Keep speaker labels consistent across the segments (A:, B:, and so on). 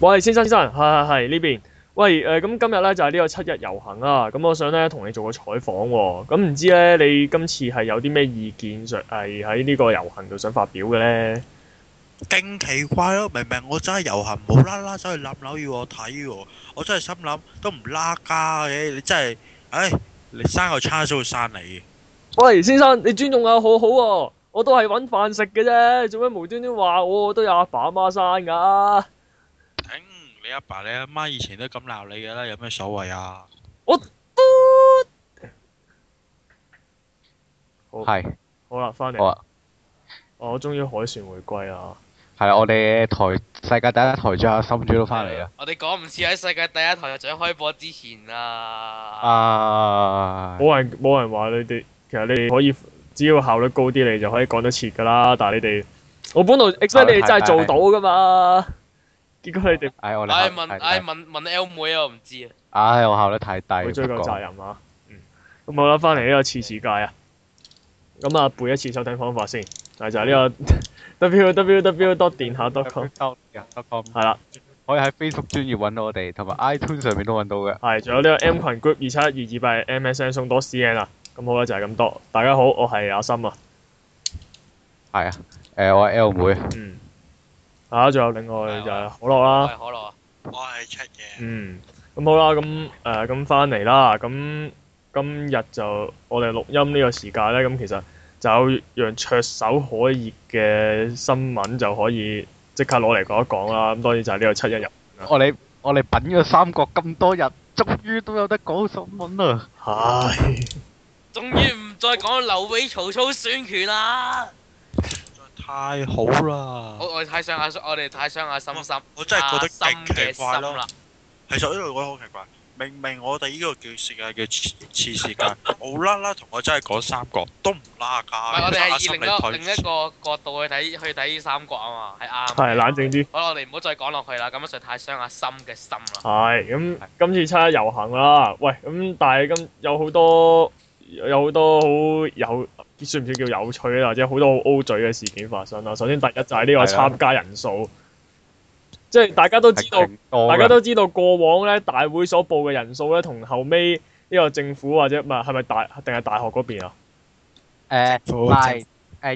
A: 喂，先生，先生，係係係呢邊？喂，誒，咁今日咧就係呢個七日遊行啊！咁我想咧同你做個採訪，咁唔知咧你今次係有啲咩意見上係喺呢個遊行度想發表嘅咧？勁奇，奇怪咯，明明我真係遊行，無啦
B: 啦走去揦樓要我睇，我真係心諗都唔拉家嘅，你真係，唉，你生個叉燒生你。
A: 喂，先生，你尊重我、啊、好好、啊，我都係揾飯食嘅啫，做咩無端端話我都有阿爸阿媽生噶、啊？
B: 你阿爸、你阿媽以前都咁鬧你噶啦，有咩所謂啊？
A: 我都係好啦，翻嚟了、哦、我終於凱旋回歸啊，
C: 係啦，我哋台世界第一台最阿心主都翻嚟啦！
D: 我哋講唔似喺世界第一台最
A: 開播之前啊！啊！冇人冇人話你哋，其實你哋可以只要效率高啲，你就可以講得切噶啦。但係你哋，我本來 expect 你真係做到噶嘛。結果你哋，哎
D: 我，哎問，哎問問 L 妹
A: 啊，我唔知啊。唉，我效率太低。會追究責任啊。嗯。咁好啦，翻嚟呢個次次界啊。咁啊背一次收聽方法先，就係就呢個、嗯、 www dot denka dot com、嗯。係啦，可以喺 Facebook 專頁揾到我哋，同埋 iTunes 上面都揾到嘅。係、嗯，仲有呢個 M 群 group 二七一二八 MSN dot CN 啊。咁好啦，就係、是、咁多。大家好，我係阿森啊。
C: 係啊，誒我係 L 妹。嗯。嗯
A: 啊！仲有另外就係可樂啦，我可樂，哇！出嘅，嗯，咁、嗯、好、呃、啦，咁誒咁翻嚟啦，咁今日就我哋錄音呢個時間咧，咁其實就有樣炙手可熱嘅新聞就可以即刻攞嚟講一講啦。咁當然就係呢個七一日我。我哋我哋品咗《三國》咁多日，終於都有得講新聞啦。係。
D: 終於唔再講劉備、曹操、孫權啦。
B: 太好啦！我
D: 我太傷下，我哋太傷下心心。我真係覺得勁奇怪咯。
B: 其實呢度我覺得好奇怪，明明我哋呢個叫時間叫次次時間，無啦啦同我真係講三角都唔拉架。
A: 我哋係以另一個另一
D: 個角度去睇去睇呢三角啊嘛，係啱。係冷靜啲。好啦，我哋唔好再講落去啦，咁樣就太傷下心嘅心
A: 啦。係咁，今次出咗遊行啦。喂，咁但係今有好多有好多好有。算唔算叫有趣啊？或者好多 O 嘴嘅事件發生啦。首先第一就係呢個參加人數，的即係大家都知道，大家都知道過往咧大會所報嘅人數咧，同後尾呢個政府或者唔係係咪大定係大學嗰邊啊？誒、
C: 欸，唔係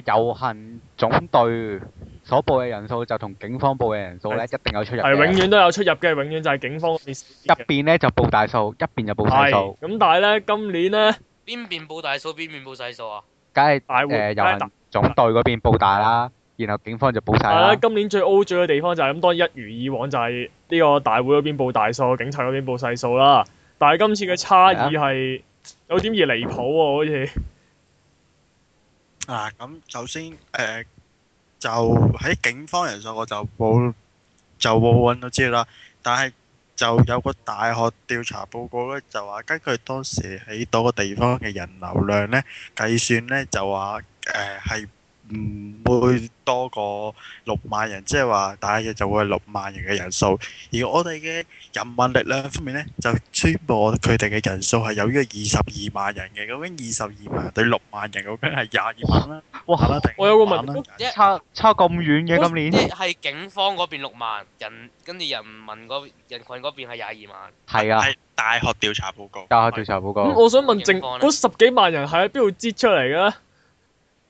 C: 誒遊行總隊所報嘅人數就同警方報嘅人數咧的一定有出入，係永遠
A: 都有出入嘅，永遠就係警方嗰邊一
C: 邊咧就報大數，一邊就報細數。
A: 咁但係咧今年咧邊邊報大數，邊邊報細數啊？梗係、呃、大會誒
C: 總隊嗰邊報大啦，啊、然後警方就報曬啦、啊。
A: 今年最 O 最嘅地方就係、是、咁，多，一如以往就係呢個大會嗰邊報大數，警察嗰邊報細數啦。但係今次嘅差異係有點而離譜喎，好似。啊、咁、啊 啊、首先誒、呃，就喺警方人數我就冇
B: 就冇揾到資料啦，但係。就有個大學調查報告咧，就話根據當時喺度個地方嘅人流量咧計算咧，就話誒係。呃唔會多過六萬人，即係話大約就會係六萬人嘅人數。而我哋嘅人民力量方面咧，就宣佈佢哋嘅人數係有呢個二十二萬人嘅。咁樣二十二萬人對六萬人，究竟係廿二萬啦。哇！哇我有個問號
C: 說，差
B: 差咁遠嘅說今年。即
D: 係警方嗰邊六萬人，跟住人民嗰人群嗰邊係廿二萬。
A: 係啊的，係大學調查報告。大學調查報告。我想問正，淨嗰十幾萬人係喺邊度擠出嚟嘅？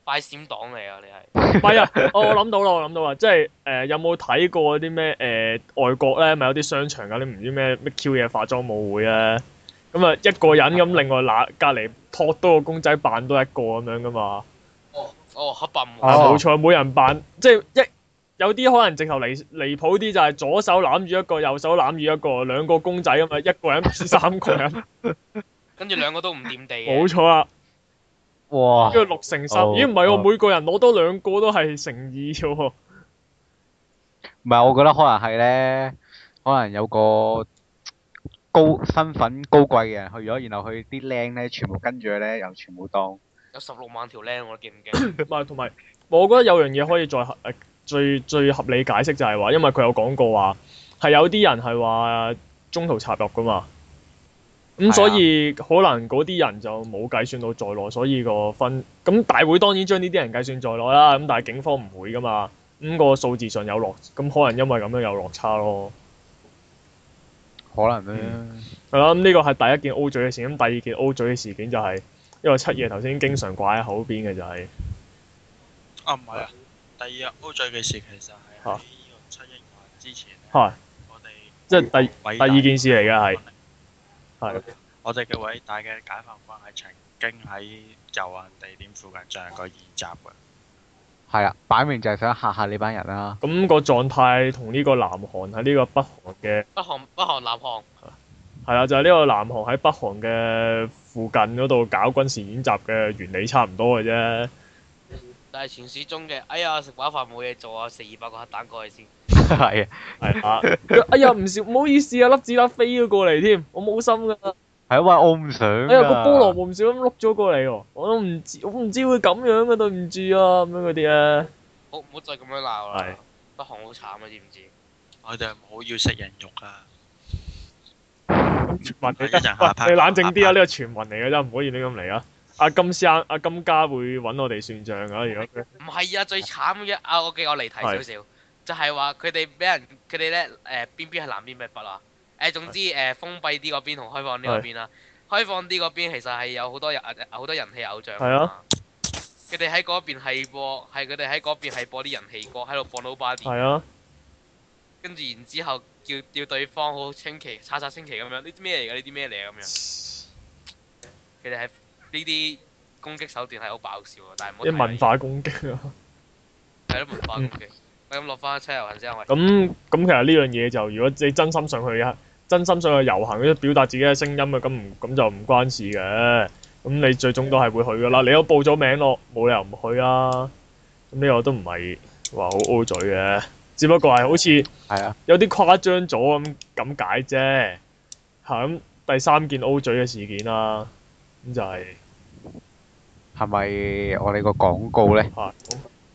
D: 快閃黨
A: 嚟 啊！你係係啊！我諗到啦，我諗到啦，即係誒、呃、有冇睇過啲咩誒外國咧咪有啲商場嗰啲唔知咩咩 Q 嘢化妝舞會啊！咁啊一個人咁另外攬隔離托多個公仔扮多一個咁樣㗎嘛？哦
D: 哦黑白唔啊、哦！冇錯，
A: 每人扮即係一有啲可能直頭離離譜啲就係左手攬住一個，右手攬住一個，兩個公仔咁嘛，一個人三個人，
D: 跟住兩個都唔掂地冇
A: 錯啊！哇！跟住六成十，咦唔係喎，哦、我每個人攞多兩個都係乘二喎。唔係，
C: 我覺得可能係咧，可能有個高身份
A: 高貴嘅人去咗，然後佢啲靚咧全部跟住佢咧，又全部當有十六萬條靚我見唔見？唔係，同埋我覺得有樣嘢可以再合、呃，最最合理解釋就係、是、話，因為佢有講過話，係有啲人係話中途插入噶嘛。咁、嗯、所以可能嗰啲人就冇計算到在內，所以個分咁大會當然將呢啲人計算在內啦。咁但係警方唔會噶嘛。咁、個數字上有落，咁可能因為咁樣有落差咯。可能咧，係咯、嗯。咁呢個係第一件 O 嘴嘅事。咁第二件 O 嘴嘅事件就係、是、因為七夜頭先經常掛喺口邊嘅就係、
B: 是、啊，唔係啊，啊第二日 O 嘴
A: 嘅事、啊、其實係喺七一之前，係我哋即係第第二件事嚟嘅係。係，
B: 我哋嘅偉大嘅解放軍喺曾經喺遊行地點附近進行過演習嘅。
A: 係啊，擺明就係想嚇嚇呢班人啦、啊。咁個狀態同呢個南韓喺呢個北韓嘅
D: 北韓北韓南韓
A: 係啊，就係、是、呢個南韓喺北韓嘅附近嗰度搞軍事演習嘅原理差唔多嘅啫。
D: 但係傳説中嘅，哎呀食飽飯冇嘢做啊，食二百個核彈過去先。
A: 係啊，係啊，哎呀，唔少，唔好意思啊，粒子彈飛咗過嚟添，我冇心噶。
C: 係，喂，我唔想。哎呀，個菠蘿
A: 唔小心碌咗過嚟喎，我都唔知，我唔知會咁樣噶，對唔住啊，咁樣嗰啲咧。
D: 好，唔好再咁樣鬧啦，阿紅
B: 好慘啊，知
A: 唔知？我哋唔好要食人肉啊。你冷靜啲啊，呢個傳聞嚟嘅真係，唔可以亂咁嚟啊！阿金生阿金家會揾我哋算賬噶，如果唔
D: 係啊，最慘嘅啊，我記我嚟睇少少。就係話，佢哋俾人佢哋咧誒，邊邊係南邊？咩北啊？誒、呃，總之誒是的、呃，封閉啲嗰邊同開放啲嗰邊啦、啊，是的 開放啲嗰邊其實係有好多人，好多人氣偶像啊，佢哋喺嗰邊係播，係佢哋喺嗰邊係播啲人氣歌，喺度放 nobody。係啊。跟住然之後叫叫對方好清奇，叉叉清奇咁樣樣。呢啲咩嚟噶？呢啲咩嚟啊？咁樣。佢哋係呢啲攻擊手段係好爆笑啊！但係
A: 冇。好文化攻擊啊！係咯，文化
D: 攻擊。咁落翻車
A: 遊行先喂。咁咁其實呢樣嘢就，如果你真心想去啊，真心想去遊行，表達自己嘅聲音啊，咁唔咁就唔關事嘅。咁你最終都係會去噶啦，你都報咗名咯，冇理由唔去啊。咁呢個都唔係話好 O 嘴嘅，只不過係好似係啊，有啲誇張咗咁咁解啫。係，啊，第三件 O 嘴嘅事件啦，啊，咁就係係咪我哋
C: 個廣告咧？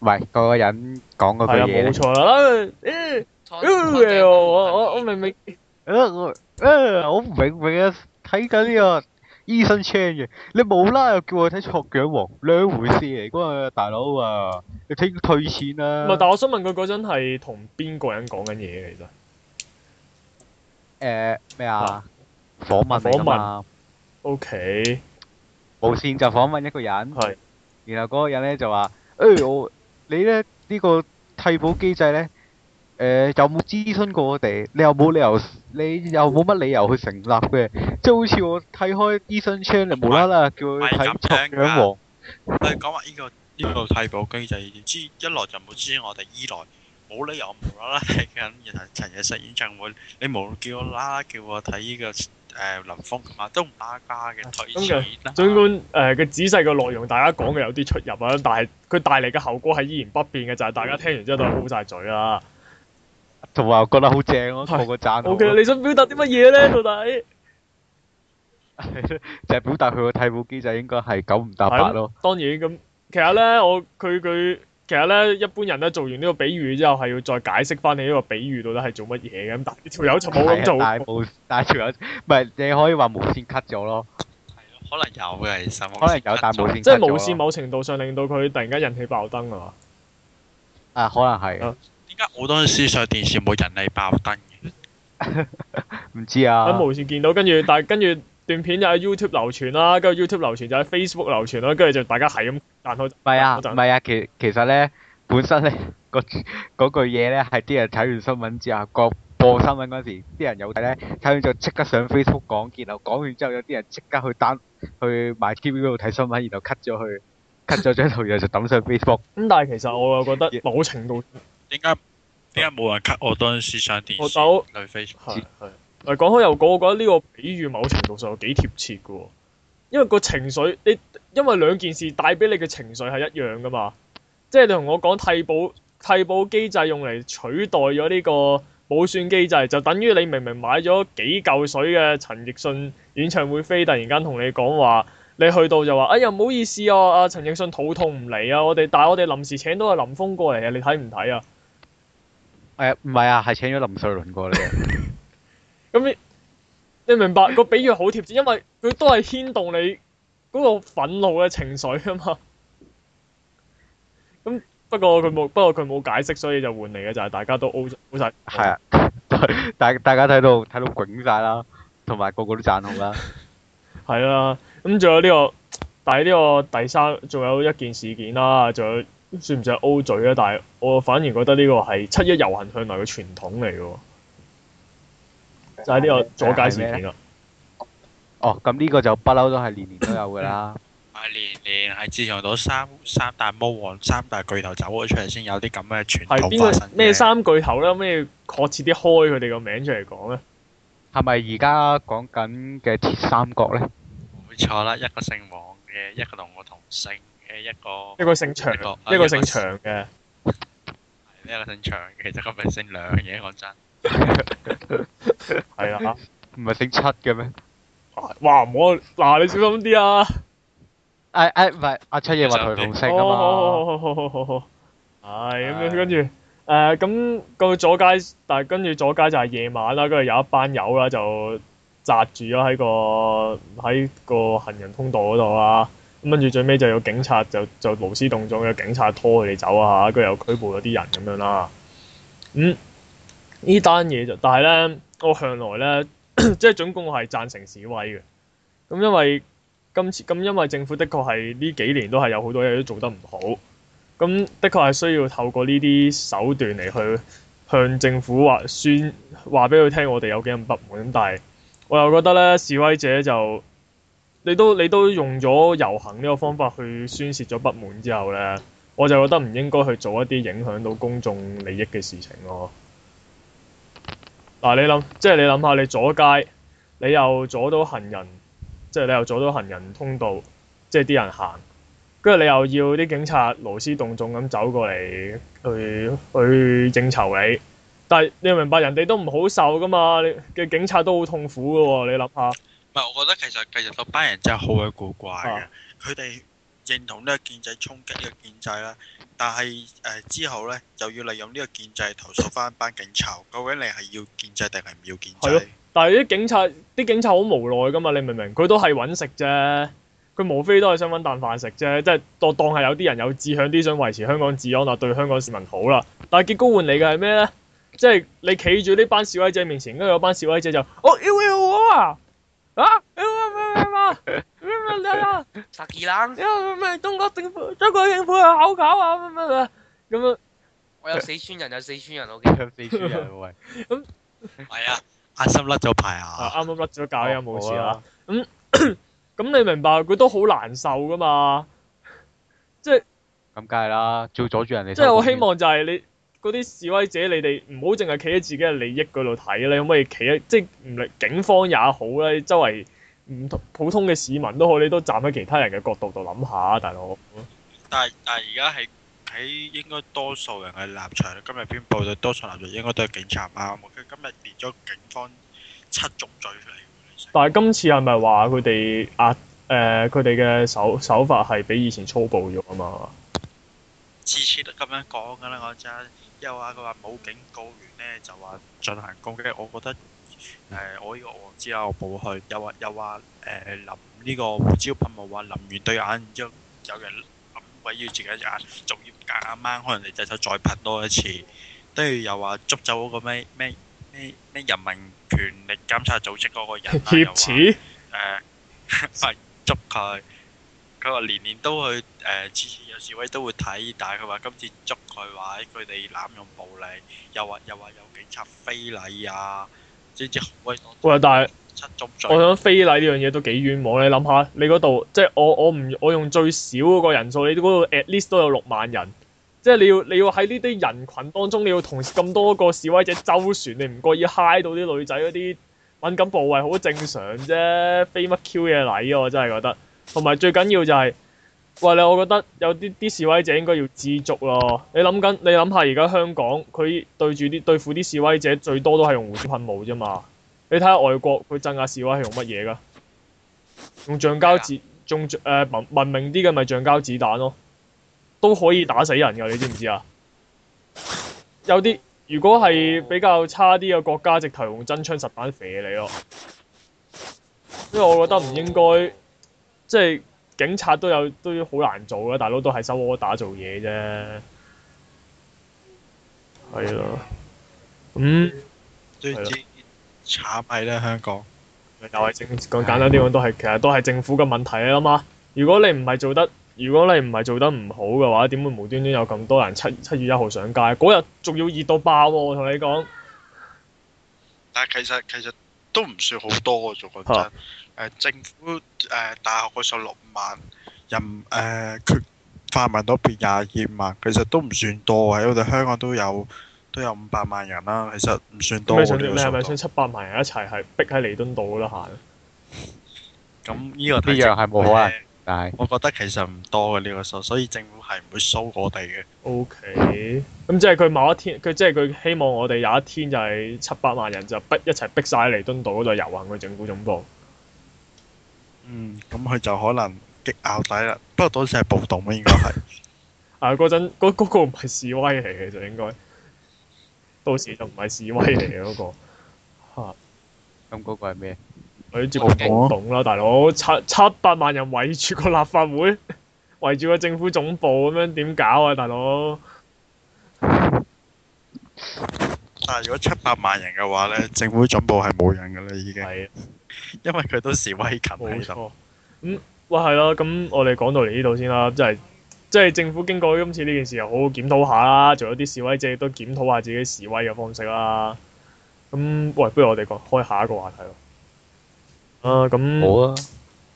C: 喂，嗰個人講嗰句嘢咧，冇錯啦！
A: 我我我明明，我我我明明
C: 睇緊呢個醫生 check 嘅，你冇啦又叫我睇錯腳王，兩回事嚟。
A: 嗰個大佬啊，你
C: 睇退錢啦！唔係，但係
A: 我想問佢嗰陣係同邊個人講緊嘢其實？誒，咩啊？
C: 訪問訪問，OK，無線就訪問一個人，係。然後嗰個人咧就話：誒，我。你咧呢、這個替補機制呢？誒、呃、有冇諮詢過我哋？你又冇理由，你又冇乜理由去成立嘅，即係好似我睇開醫生車你無啦啦叫佢睇咁樣喎。係講話呢個
B: 呢、這個替補機制 一來就冇知我哋二來。冇理由我無啦啦睇緊人陳奕迅演唱會，你無論叫我啦叫我睇呢個誒林峯噶嘛，都唔拉家
A: 嘅退錢啦。盡管誒佢仔細嘅內容大家講嘅有啲出入啊，但係佢帶嚟嘅後果係依然不變嘅，就係大家聽完之後都係好晒嘴啦，
C: 同埋覺得好正咯，個個讚。其實，你想
A: 表達啲乜嘢咧？到底
C: 就係表達佢個替補機制應該係九唔搭八咯。
A: 當然咁，其實咧我佢佢。其實咧，一般人咧做完呢個比喻之後，係要再解釋翻你呢個比喻到底係做乜嘢咁。但係條友就冇咁做，但係
C: 條友唔係你可以話無
B: 綫 cut 咗咯。係可能有嘅，其實可能有，但係無綫即係無綫，
A: 某程度上令到佢突然間人氣爆燈啊嘛。啊，可能係。依
B: 家好多電思上電視冇人氣爆燈。
A: 唔 知道啊。喺無綫見到，跟住但係跟住。跟段片就喺 YouTube 流傳啦，跟住 YouTube 流傳就喺 Facebook 流傳啦，跟住就大家係咁彈開。唔係啊，唔係奏啊，其其實咧，本身咧、嗰個句嘢咧係啲人睇完
C: 新聞之後，個播新聞嗰時，啲人有睇咧，睇完就即刻上 Facebook 講，然後講完之後有啲人即刻去彈去埋 TVB 度睇新聞，然後 cut 咗去 cut 咗張圖，然後就抌上 Facebook。咁
A: 但係其實我又覺得某程度點解點解冇人 cut 我
B: 當時上電視我都去
A: Facebook？嚟講開又講，我覺得呢個比喻某程度上幾貼切嘅喎，因為個情緒，你因為兩件事帶俾你嘅情緒係一樣嘅嘛，即係你同我講替補替補機制用嚟取代咗呢個補選機制，就等於你明明買咗幾嚿水嘅陳奕迅演唱會飛，突然間同你講話，你去到就話，哎呀唔好意思啊，阿陳奕迅肚痛唔嚟啊，我哋但係我哋臨時請到阿林峯過嚟啊，你睇唔睇啊？誒唔係
C: 啊，係請咗林瑞麟過嚟。
A: 咁你，明白個比喻好貼切，因為佢都係牽動你嗰個憤怒嘅情緒啊嘛。咁不過佢冇不過佢冇解釋，所以就換嚟嘅就係大家都 O 嘴 O 曬。
C: 嗯、 啊，大大家睇到睇到囧晒啦，同埋個個都贊好啦。
A: 係啊，咁仲有呢個但係呢個第三，仲有一件事件啦，仲有算唔算係 O 嘴咧？但係我反而覺得呢個係七一遊行向來嘅傳統嚟嘅喎。
C: 就喺呢個左
A: 街
C: 事件咯。哦，咁呢個就不嬲都係年年都有噶啦。係
B: 年年係自從到三三大魔王、三大巨頭走咗出嚟先有啲咁嘅傳統發生嘅。係邊個
A: 咩三巨頭咧？咩確切啲開佢哋個名出嚟講咧？係咪而家講緊嘅鐵
C: 三角咧？
B: 唔會錯啦，一個姓王嘅，一個同我同姓嘅，一個一個,一個姓長，一個,一個姓長嘅。係一個姓長，其實今日姓梁嘅，
A: 講真。係啦，
C: 唔係識七嘅咩？
A: 哇！唔好，嗱、啊，你小心啲啊！誒，誒，唔係阿七夜爺畫台龍蛇啊嘛！係咁樣，跟住誒，咁個咗街，但係跟住咗街就係夜晚啦，跟住有一班友啦，就紮住咗喺個喺個行人通道嗰度啊。咁跟住最屘就有警察就就勞師動眾嘅警察拖佢哋走啊，吓，跟住又拘捕咗啲人咁樣啦。嗯。呢單嘢就，但係咧，我向來咧， 即係總共我係贊成示威嘅。咁因為今次咁，因為政府的確係呢幾年都係有好多嘢都做得唔好，咁的確係需要透過呢啲手段嚟去向政府話，宣話俾佢聽，們我哋有幾咁不滿。但係我又覺得咧，示威者就你都你都用咗遊行呢個方法去宣泄咗不滿之後咧，我就覺得唔應該去做一啲影響到公眾利益嘅事情咯。嗱、啊，你諗，即係你諗下，你阻街，你又阻到行人，即係你又阻到行人通道，即係啲人行，跟住你又要啲警察勞師動眾咁走過嚟，去去應酬你，但係你明白人哋都唔好受噶嘛，你嘅警察都好痛苦噶喎，哦，你諗下。唔係，啊，我覺
B: 得其實其實嗰班人真係好鬼古怪嘅，啊，佢哋，啊。認同呢個建制衝擊呢個建制啦，但係誒之後咧就要利用呢個建制投訴翻班警察。究竟你係要建制定係唔要建制？係咯，
A: 但係啲警察啲警察好無奈噶嘛，你明唔明？佢都係揾食啫，佢無非都係想揾啖飯食啫，即係當當係有啲人有志向啲，想維持香港治安啦，對香港市民好啦。但係結果換嚟嘅係咩咧？即係你企住呢班示威者面前，跟住有班示威者就：哦，要我啊，
D: 殺幾啦？因為唔係中國政府，中國政府
A: 啊，好搞啊！咁啊，樣 我有四川人，有
D: 四川人，我幾香四川人。喂、 嗯，咁係、哦、啊，阿心
C: 甩咗牌啊！
A: 啱啱甩咗搞又冇事啦。咁、嗯、咁、嗯、你明白佢都好難受噶嘛？即係咁梗係啦，
C: 做阻住人哋。即係 我希
A: 望就係你嗰啲示威者，你哋唔好淨係企喺自己嘅利益嗰度睇，你可唔可以企喺即係唔理警方也好咧，周圍。你普通嘅市民都好，你都站喺其他人嘅角度度諗下，大佬。但係
B: 但係而家喺喺應該多數人嘅立場，今日編報
A: 多數立場應該都係警察啊。佢今
B: 日列咗警方七
A: 宗罪嚟。但係今次係咪話佢哋啊誒佢哋嘅手手法係比以前粗暴咗啊嘛？
B: 次次都咁樣講噶啦，我真。有啊，佢話冇警告完呢，就話進行攻擊，我覺得。誒、呃，我呢個我之後我去又話又話，誒淋呢個胡椒噴霧話，淋完對眼，將有人諗鬼要自己眼仲要夾硬，可能你隻手再噴多一次，跟住又話捉走嗰個咩咩咩咩人民權力監察組織嗰個人啦、啊，子又話誒，捉、呃、佢，佢話年年都去，誒、呃、次次有示威都會睇，但係佢話今次捉佢話，佢哋濫用暴力，又話又話有警察非禮啊。
A: 呢啲喂，但係我想非禮呢樣嘢都幾冤枉。你諗下，你嗰度即係我我唔我用最少嗰個人數，你嗰度 at least 都有六萬人，即係你要你要喺呢啲人群當中你要同咁多個示威者周旋，你唔覺意嗨到啲女仔嗰啲敏感部位，好正常啫。非乜 Q 嘢禮啊！我真係覺得，同埋最緊要就係。喂，你，我覺得有啲啲示威者應該要知足咯。你諗緊，你諗下而家香港，佢對住啲對付啲示威者，最多都係用胡椒噴霧啫嘛。你睇下外國，佢鎮壓示威係用乜嘢㗎？用橡膠子，仲誒、呃、文明啲嘅咪橡膠子彈咯，都可以打死人㗎，你知唔知啊？有啲如果係比較差啲嘅國家，直頭用真槍實彈射你咯。所以我覺得唔應該，即係。警察都有都好難做啦，大佬都係收 order 做嘢啫。係咯，咁、嗯、
B: 係。慘係咧香港，又係政講簡單啲講
A: 都係其實都係政府嘅問題啊嘛。如果你唔係做得，如果你唔係做得唔好嘅話，點會無端端有咁多人七七月一號上街？嗰日仲要熱到爆、啊，我同你講。
B: 但係其實其實。其實都唔算好多嘅，做講
A: 真。
B: 誒、呃、政府誒、呃、大學十六萬人，誒、呃、佢泛民嗰邊廿二萬，其實都唔算多。喺我哋香港都有都有五百萬人啦，其實唔算多。你係
A: 咪想七百萬人一齊係逼喺彌敦道嘅啦嚇。
B: 咁呢個呢樣係冇可能。.我覺得其實唔多嘅呢、這個數，所以政府係唔
A: 會騷我哋嘅。O K，咁即係佢某一天，佢即係佢希望我哋有一天就係七百萬人就一逼一齊逼晒喺彌敦道嗰度遊行去政府總部。嗯，
B: 咁佢就可能激拗底啦。不過到時係暴動啊，應該係。
A: 啊，嗰陣嗰嗰個唔係示威嚟嘅，就應該。到時就唔係示威嚟嘅嗰個。吓， 咁嗰個係咩？我接到啦，大佬七七百萬人圍住個立法會，圍住個政府總部咁樣點搞啊，大佬？
B: 但係如果七百萬人嘅話咧，
A: 政府總部係冇人
B: 噶啦，已經、啊。係因為佢都示威近
A: 係。冇錯。咁、嗯，喂係啦，咁、啊、我哋講到嚟呢度先啦，即係即係政府經過今次呢件事又好好檢討下啦，仲有啲示威者都檢討下自己示威嘅方式啦。咁，喂，不如我哋講開下一個話題咯。啊，咁好啊！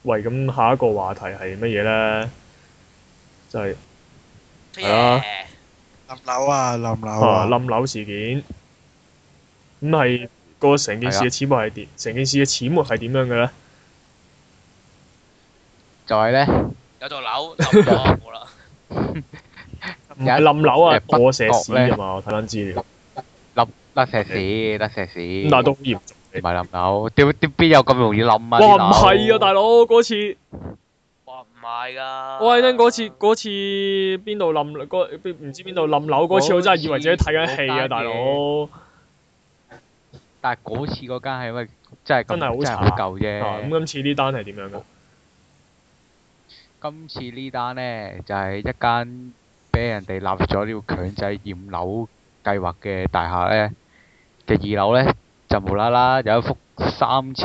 A: 喂，咁下一個話題係乜嘢咧？就係係啦，冧樓啊，冧樓啊！冧樓事件，咁係個成件事嘅始末係點？成件事嘅始末係點樣嘅咧？就係咧，有座樓冧咗啦，係冧樓啊！過石屎啊嘛，我睇翻資料，冧得石
C: 屎，得石屎，嗱都好嚴重。唔係冧樓，屌屌邊有咁容易冧啊？哇，唔係啊，大
A: 佬嗰次，哇唔係噶，喂，因嗰次，嗰次邊度冧嗰邊唔知邊度冧樓嗰次，我真係以為自己睇緊戲啊，大佬。
C: 但係嗰次嗰間係因為真係真係好舊啫。咁
A: 今次呢單係點樣嘅？
C: 今次呢單咧，就係一間俾人哋立咗呢個強制驗樓計劃嘅大廈咧嘅二樓咧。就無啦啦有一幅三尺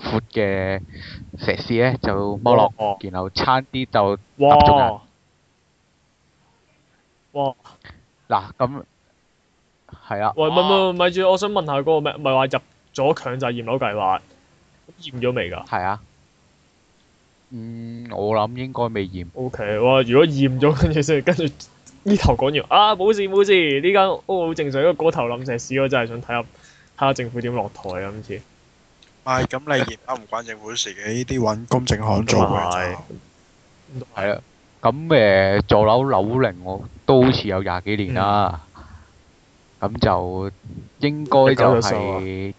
C: 闊嘅石屎咧，就剝落，哦哦、然後差啲就揼中
A: 人。哇！嗱咁係啊！喂，唔唔唔，咪住！我想問下嗰、那個咩？唔係話入咗強制驗樓計劃，驗咗未㗎？係啊。嗯，我諗應該未驗。O、okay, K，哇！如果驗咗，跟住先，跟住呢頭講完啊！冇事冇事，呢間屋好正常，一個嗰頭諗石屎，我真係想睇下。睇下政府點落台啊！今次，唔係咁，你而家唔關政府事嘅，呢
B: 啲搵工正行做嘅係 啊。咁誒，座樓樓
C: 齡我都好似有廿幾年啦。咁、嗯、就應該就係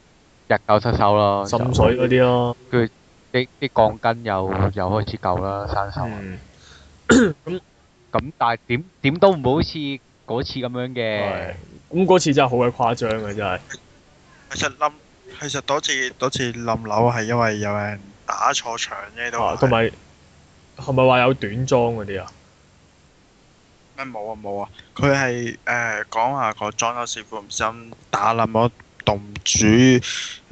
C: 日久失修啦，滲水嗰啲咯。佢啲啲鋼筋又鋼又，又開始舊啦，生銹。咁咁、嗯， 但係
B: 點點都唔會好似嗰次咁樣嘅。咁嗰次真係好鬼誇張啊，真係。其實冧，其實嗰次嗰次冧樓係因為有人打錯牆啫都。啊，
A: 同埋係咪話有短裝嗰啲啊？
B: 咩冇啊冇啊！佢係誒講話個裝修師傅唔小心打冧咗棟主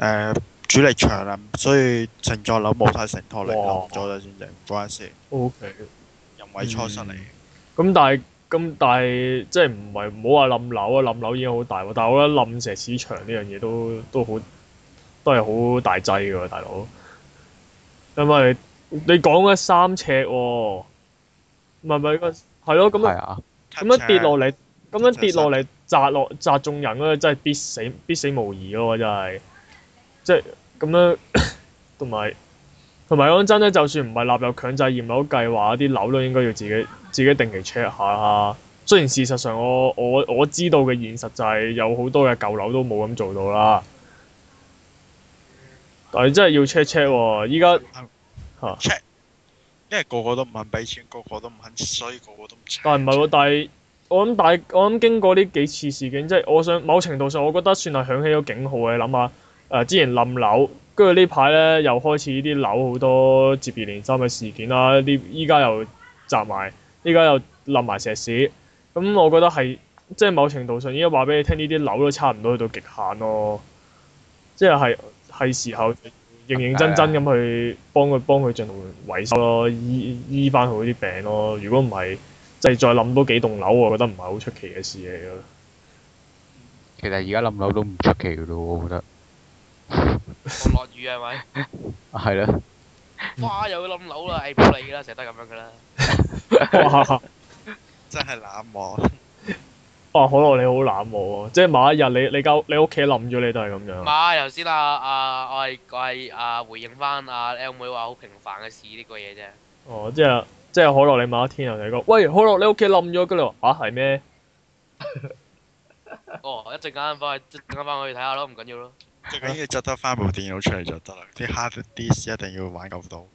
B: 誒主力牆啊，所以成座樓冇晒成托嚟，冧咗咗先啫，唔關事。O K，人為錯失嚟。
A: 咁但係。咁但係即係唔係唔好話冧樓啊！冧樓已經好大喎，但係我覺得冧石屎牆呢樣嘢都都好，都係好大劑嘅喎，大佬。咁咪你講嘅三尺喎，哦？唔係唔係個係咯？咁樣咁樣跌落嚟，咁樣跌落嚟砸落砸中人咧，真係必死必死無疑咯，真係。即係咁樣，同埋同埋講真咧，就算唔係納入強制驗樓計劃，啲樓都應該要自己。自己定期 check 下啊。雖然事實上我，我我我知道嘅現實就係有好多嘅舊樓都冇咁做到啦。但係真係要 check check 喎！依家嚇 check，因為個個都唔肯俾錢，個個都唔肯，所以個個都唔 check。但係唔係喎，但係我諗，但係我諗經過呢幾次事件，即係我想某程度上，我覺得算係響起咗警號嘅。你諗下誒，之前冧樓，跟住呢排咧又開始啲樓好多接二連三嘅事件啦。呢依家又集埋。依家又冧埋石屎，咁我覺得係，即係某程度上，依家話俾你聽，呢啲樓都差唔多去到極限咯。即係係時候認認真真咁去幫佢，幫佢盡量維修咯，醫醫翻好啲病咯。如果唔係，就係再冧多幾棟樓，我覺得唔係好出奇嘅事嚟嘅。其實而家冧樓都唔出奇咯，我覺得
D: 我。落雨係咪？
A: 係啦。
D: 花又冧樓啦，係冇理啦，成日都咁樣噶啦。
A: 哇！
D: 真係冷漠。
A: 哇，可樂你好冷漠啊！即係某一日你你家你屋企冧咗，你都係咁樣。唔
D: 係，頭先啊啊，我係我係啊回應翻啊 L 妹話好平凡嘅事呢個嘢啫。
A: 哦，即係即係可樂你某一天又嚟講，喂，可樂你屋企冧咗跟住話啊，係咩？哦，
D: 一陣間翻去，一陣間翻去
B: 睇下咯，唔緊要咯。最緊要執得翻部電腦出嚟就得啦，啲 hard disk 一定要玩夠
A: 到，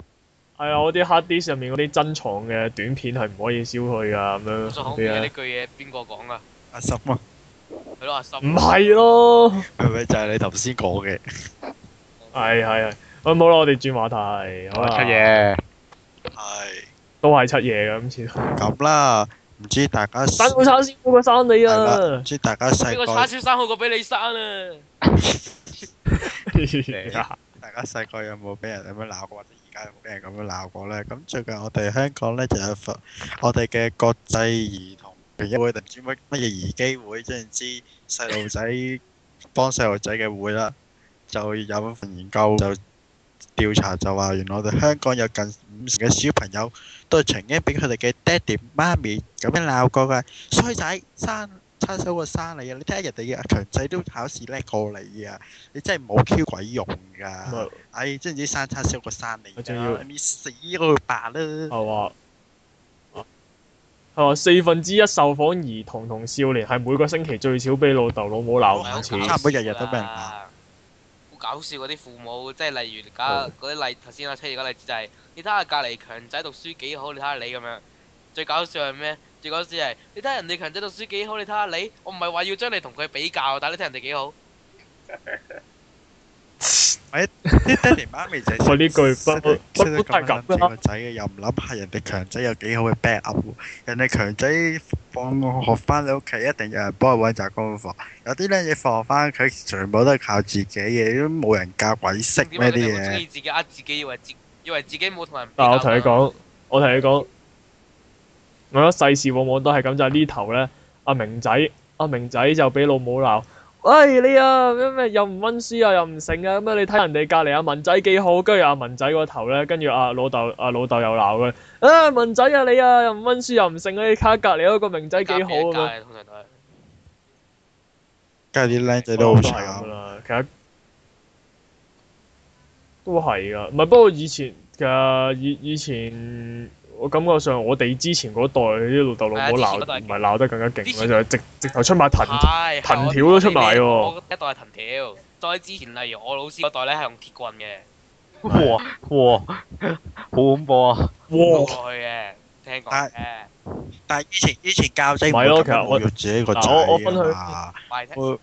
A: 係啊，我啲 hard disk 上面嗰啲珍藏嘅短片係唔可以燒去啊，咁樣。呢句嘢邊
D: 個
A: 講啊？阿心啊？係咯，阿心。唔係咯。係咪就係你頭先講嘅？係係，咁冇啦，我哋轉話題。好七夜，係都係七夜咁似。咁啦， 唔
B: 知大家。等我鏟
A: 先，我鏟你、， 嗯、你啊！
B: 唔知大家細個。我鏟
A: 先，鏟好過俾你鏟啊！
B: 大家細個有冇俾人咁樣鬧過，或者而家有冇俾人咁樣鬧過呢？咁最近我哋香港呢，就有份，我哋嘅國際兒童協會定唔知乜乜嘢兒機會，即係 知細路仔幫細路仔嘅會啦，就有一份研究就調查就話，原來我哋香港有近五成嘅小朋友都係曾經俾佢哋嘅爹哋媽咪咁樣鬧過嘅衰仔生。叉燒過生你啊！你睇下人哋阿強仔都考試叻過你啊！你真係冇 Q 鬼用噶！哎、嗯，真唔知生叉燒過生你噶？我
A: 要你死我爸啦！係話係話，四分之一受訪兒童同少年係每個星期最少俾老豆老母鬧兩次，差唔多日日都俾人
D: 鬧。好搞笑嗰、啊、啲、啊、父母，即係例如而家嗰啲例頭先阿譬如嗰例子就係、是、你睇下隔籬強仔讀書幾好，你睇下你咁樣。最搞笑係咩？住嗰時係，你睇下人哋強仔讀書幾好，你睇下你，我唔係話要將你同佢比較，但係你睇人哋幾好。
A: 喂， 爹地
B: 媽咪就係呢句，出個仔嘅又唔諗下人哋強仔有幾好嘅 back up，人哋強仔放學翻你屋企一定有人幫佢揾習功課，有啲呢嘢放學翻佢全部都係靠自己嘅，冇人教鬼識咩啲嘢。自己呃自己，以為自以為自己
D: 冇同
A: 人。但我同你講，我同你講。 我覺得世事往往都係咁，就係、是、呢頭咧，阿、啊、明仔，阿、啊、明仔就俾老母鬧，喂，你啊咩咩又唔温書啊又唔成啊咁樣，你睇人哋隔離阿文仔幾好，跟住阿文仔個頭咧，跟住阿老豆阿老豆又鬧佢，啊文仔啊，文仔啊，啊，啊，文仔啊你啊又唔温書又唔成啊，你睇隔，實隔離嗰個明仔幾好咁樣。梗係啲僆仔都好咁啦，其實都係㗎，唔係不過以前其實以前以前。嗯我感覺上我哋之前嗰代啲老豆老母鬧唔係鬧得更加勁咯，就係直直頭出埋藤藤條都出埋喎。一代
D: 係藤條，再之前例如我老師嗰代咧係用鐵棍嘅
A: 是。哇哇，
C: 好恐怖啊！
B: 過去嘅，聽講，啊。但係但係
A: 以前以前教仔唔係咯，其實我嗱我個我，我分享。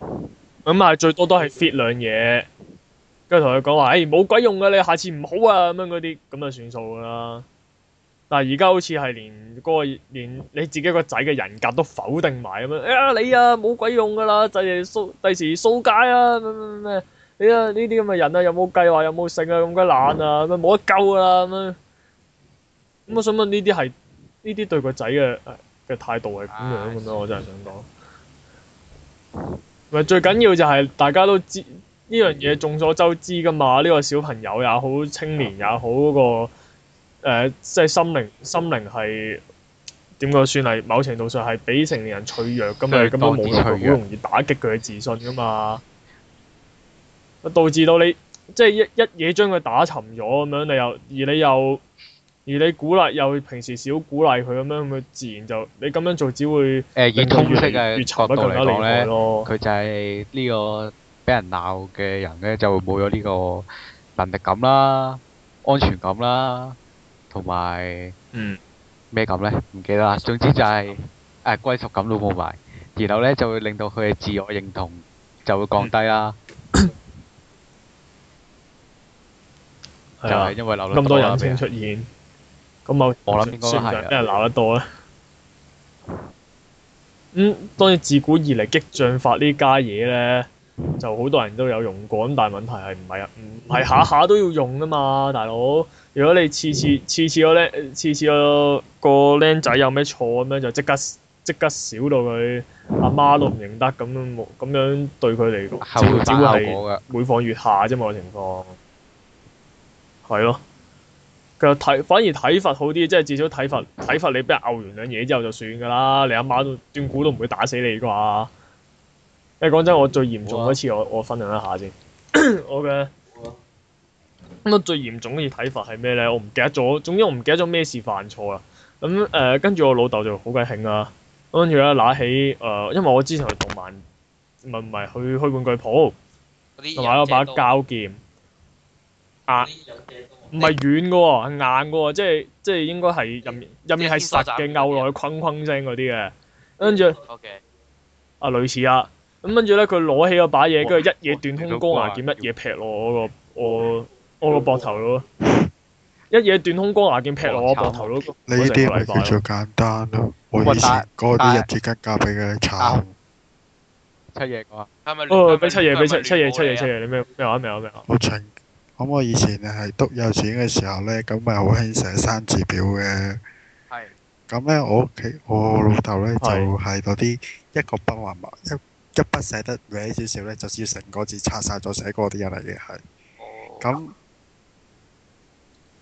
A: 咁啊嘛，最多都係 fit 兩嘢。跟住同佢講話，誒、欸、冇鬼用㗎，你下次唔好啊咁樣嗰啲，咁就算數㗎啦。但係而家好似係連嗰、嗰個連你自己個仔嘅人格都否定埋咁樣，哎、呀，你啊冇鬼用㗎啦，第時掃第時掃街啊，咩咩咩，咩，你、啊哎、呀，呢啲咁嘅人啊有冇計劃啊，有冇性啊咁鬼懶啊，冇得救㗎啦咁樣。咁我想問呢啲係呢啲對個仔嘅嘅態度係點樣咁樣？我真係想講。唔係、哎、呀最緊要就係大家都知。呢樣嘢眾所周知噶嘛？呢個小朋友也好，青年也好，嗰個誒，即係心靈，心靈係點講算係某程度上係比成年人脆弱噶嘛？咁啊，冇錯，好容易打擊佢嘅自信噶嘛。導致到你即係一一嘢將佢打沉咗咁樣，你又而你又而你鼓勵又平時少鼓勵佢咁樣，佢自然就你咁樣做只會越
C: 嚟越沉，誒以通識嘅角度嚟講咧，越沉得更加厲害囉，佢就係呢個。俾人鬧嘅人咧，就會冇咗呢個能力感啦、安全感啦，同埋嗯咩感咧？唔記得啦。總之就係誒歸屬感都冇埋，然後咧就會令到佢嘅自我認同就會降低啦。
A: 係啊，因為鬧得多啊嘛。咁多人先出現，咁我我諗應該係啊。俾人鬧得多咧？咁當然自古以嚟激將法呢家嘢咧。就好多人都有用過，咁但係問題係唔係啊？唔係下下都要用㗎嘛，大佬！如果你次次次次個僆次次個個僆仔有咩錯咁樣，就即刻即刻少到佢阿媽都唔認得咁樣，咁樣對佢嚟講，後果係後果嘅，每況愈下啫嘛，個情況。係咯，其實睇反而體罰好啲，即係至少體罰體罰，體罰你俾人漚完兩嘢之後就算㗎啦，你阿媽都斷估都唔會打死你啩。你講真，我最嚴重嗰次我，我我分享一下先。我嘅、啊，我 Okay. 最嚴重嘅次睇法係咩咧？我唔記得咗，總之我唔記得咗咩事犯錯啦。咁、嗯、誒，跟、呃、住我老豆就好鬼興啊。跟住咧，拿起誒、呃，因為我之前唔係唔係去動漫，唔係唔係去開玩具鋪，同埋攞把膠劍，啊，唔係軟嘅喎，硬嘅喎，即係即係應該係入面入面係實嘅，拗落去框框聲嗰啲嘅。跟住，啊，類似 啊。咁跟住咧，佢攞起嗰把嘢，跟住一嘢斷空光牙劍，一嘢劈落我個我我個膊頭度咯，一嘢斷空光牙劍劈落我膊頭度。你呢啲咪叫做簡單咯？我以前嗰啲日
B: 子即刻教俾佢炒。七
A: 夜係咪？哦，俾七夜，俾七七夜，七夜，七夜。你咩咩話咩話咩話？我陳，
B: 咁我以前就係讀幼稚園嘅時候咧，咁咪好興寫生字表嘅。係。咁咧，我屋企我老豆咧就係嗰啲一個筆畫物一。一筆寫得歪少少呢，就是要成個字擦晒再寫過，啲人嚟嘅係。
A: 咁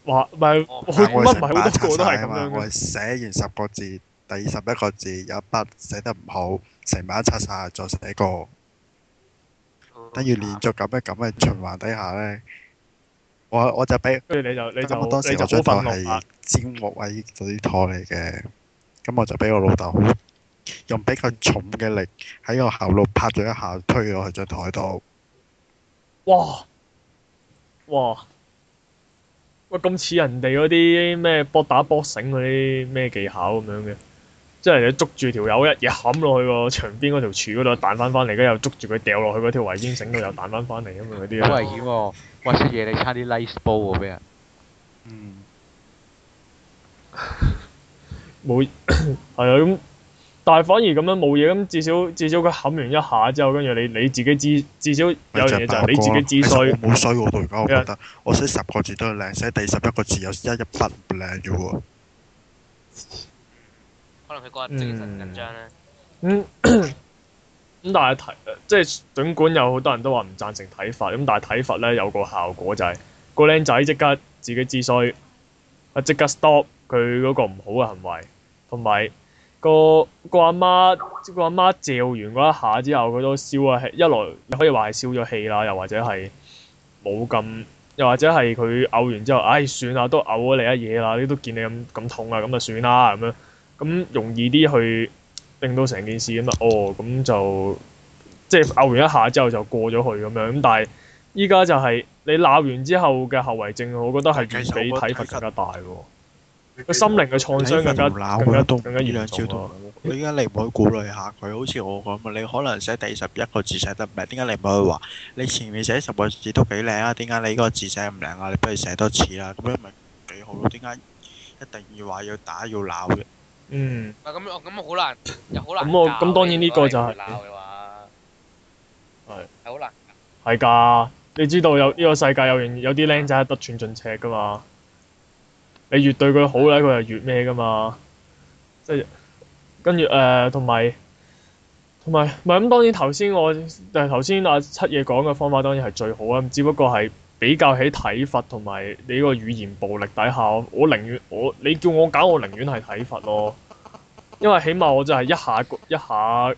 A: 話唔係，佢抹埋好多個都係咁樣。我寫
B: 完十個字，第二十一個字有一筆寫得唔好，成晚擦晒再寫過，等於連續咁嘅咁嘅循環底下呢，我我就俾，
A: 跟住你就你咁，我當時我我位就將佢係
B: 詹莫偉嗰啲台嚟嘅，咁我就俾我老豆。用比較重嘅力喺我喉嚨拍咗一下，推
A: 咗落去隻台度。哇！哇！喂，咁似人哋嗰啲咩搏打搏繩嗰啲咩技巧咁樣嘅，即係你捉住條友一嘢冚落去個牆邊嗰條柱嗰度彈翻翻嚟，跟住又捉住佢掉落去嗰條圍巾繩度又彈翻翻嚟咁啊！嗰啲好危險喎！哇！出嘢你差啲拉波喎，俾啊？嗯。冇， 係啊咁。 但係反而咁樣冇嘢，咁至少至少佢冚完一下之後，跟住你你自己知，至少有樣嘢就係你自己知衰。冇
B: 衰我到而家，我覺得我寫十個字都係靚，寫第十一個字有一一筆唔靚嘅喎。可能佢覺得
A: 精神緊張咧。咁咁 但係睇，即係儘管有好多人都話唔贊成體罰，咁但係體罰咧有個效果就係個僆仔即刻自己知衰，啊即刻 stop 佢嗰個唔好嘅行為，同埋。個個阿媽即個阿媽嚼完嗰一下之後，佢都消啊氣，一來你可以話係消咗氣啦，又或者係冇咁，又或者係佢嘔完之後，唉、哎、算啦，都嘔咗你一嘢啦，你都見你咁咁痛啊，咁就算啦咁樣，咁容易啲去令到成件事咁哦，咁就即係嘔完一下之後就過咗去咁樣，咁但係依家就係、是、你鬧完之後嘅後遺症，我覺得係比體罰更加大喎。個心靈嘅創傷更加鬧，更加凍，更加而家你
B: 唔可以鼓勵下佢，好似我咁你可能寫第十一個字寫得唔靚，點解你唔可以話你前面寫十個字都幾靚啊？點解你嗰個字寫唔靚啊？你不如寫多次啦，咁樣咪幾好咯？點解一定要話要打要鬧嘅？嗯。咁樣
D: 咁好難，又好難。咁我當
A: 然呢個就係、是。鬧嘅
D: 話
A: 係好難。係 噶，你知道有呢、這個世界有有啲靚仔係得寸進尺噶嘛？你越對佢好咧，佢又越咩噶嘛？即係跟住誒，同埋同埋唔係咁。當然頭先我誒頭先阿七爺講嘅方法當然係最好啦，只不過係比較喺體罰同埋你呢個語言暴力底下。我寧願我你叫我搞，我寧願係體罰咯。因為起碼我就係一下一下，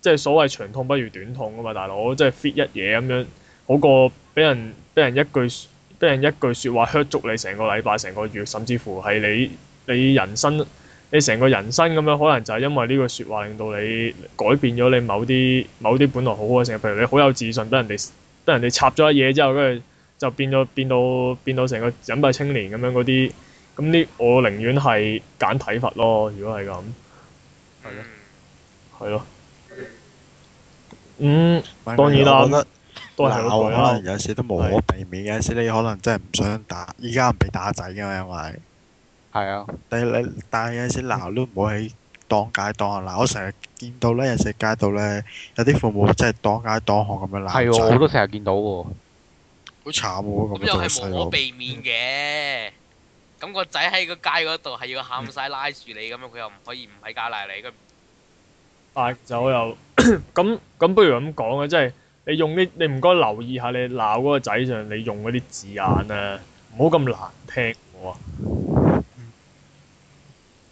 A: 即係所謂長痛不如短痛啊嘛，大佬即係 fit 一嘢咁樣，好過俾人俾人一句。俾人一句說話，hurt 足你成個禮拜，成個月，甚至乎係你你人生你成個人生咁樣。可能就係因為呢句說話令到你改變咗你某啲某啲本來好好嘅性，譬如你好有自信，俾人哋俾人哋插咗一嘢之後，跟住就變咗變到變到成個隱蔽青年咁樣。嗰啲，咁呢我寧願係揀體罰咯，如果係咁，係咯，係咯，嗯當然啦。可能
B: 有時都無可避免，的有時你可能真係唔想打，依家唔俾打仔啊嘛，因為係啊。的但係你但係有時鬧都唔好喺當街當啊。嗱，我成日見到呢，有時街度呢，有啲父母真係當街當巷咁樣鬧。係，我都成日見到喎。好慘喎！咁那這樣 又係無可避免
D: 嘅。咁 個仔喺個街嗰度係要喊晒拉住你咁樣，佢、嗯、又唔可以唔喺街。拉你咁。
A: 但係就又咁咁， 不如咁講啊，即係。你用啲，你唔該留意下你鬧嗰個仔上，你用嗰啲字眼啊，唔好咁難聽喎、啊嗯。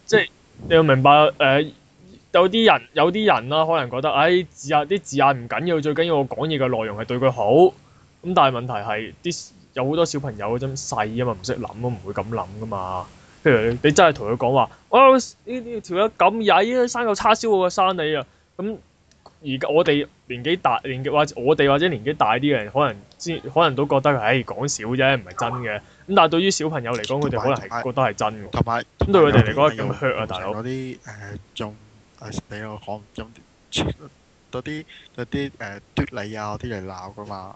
A: 即係你要明白，誒、呃、有啲人有啲人啦，可能覺得，哎字眼啲字眼唔緊要，最緊要我講嘢嘅內容係對佢好。咁但係問題係啲有好多小朋友嗰陣細啊嘛，唔識諗，唔會咁諗噶嘛。譬如你，你真係同佢講話，哇呢呢條友咁曳啊，生、個叉燒我嘅生你啊，咁、嗯。而家我哋年紀大年紀或者我哋或者年紀大啲嘅人，可能先可能都覺得，唉、欸，講少啫，唔係真嘅。咁但係對於小朋友嚟講，佢哋可能係覺得係真嘅。同埋咁對佢哋嚟講咁 hurt 啊，大佬。嗰啲誒仲誒比我講咗啲嗰啲嗰啲誒篤你
B: 啊嗰啲嚟鬧㗎嘛，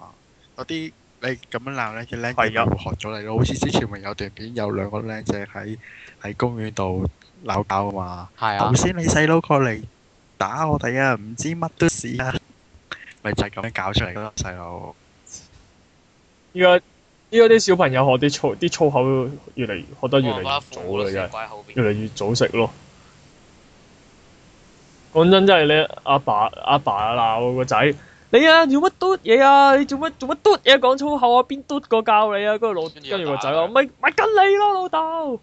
B: 嗰啲你咁樣鬧咧，佢咧就學咗嚟咯。好似、啊、之前咪有段片，有兩個僆仔喺喺公園度鬧交啊嘛。係啊。頭先你細佬過嚟。打我哋啊！唔知乜都事啊，咪就係
A: 咁樣搞出嚟咯，細路。依家依家啲小朋友學啲粗啲粗口越，越嚟越學得越嚟
B: 越早啦，真係。
A: 越嚟越早食咯。講真，真係你阿爸阿爸鬧個仔，你啊要乜嘟嘢啊？你做乜做乜嘟嘢？講粗口啊？邊嘟過教你啊？跟住個老跟住個仔話：咪咪跟你咯，老豆。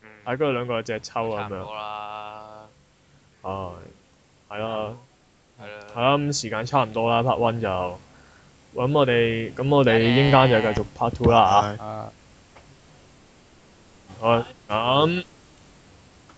A: 嗯。係跟住兩個隻抽啊咁樣。啊，係啦，係啦，係啦。咁時間差唔多啦，part one 就，咁我哋，咁我哋一陣間就繼續 part two 啦，吓。好，咁。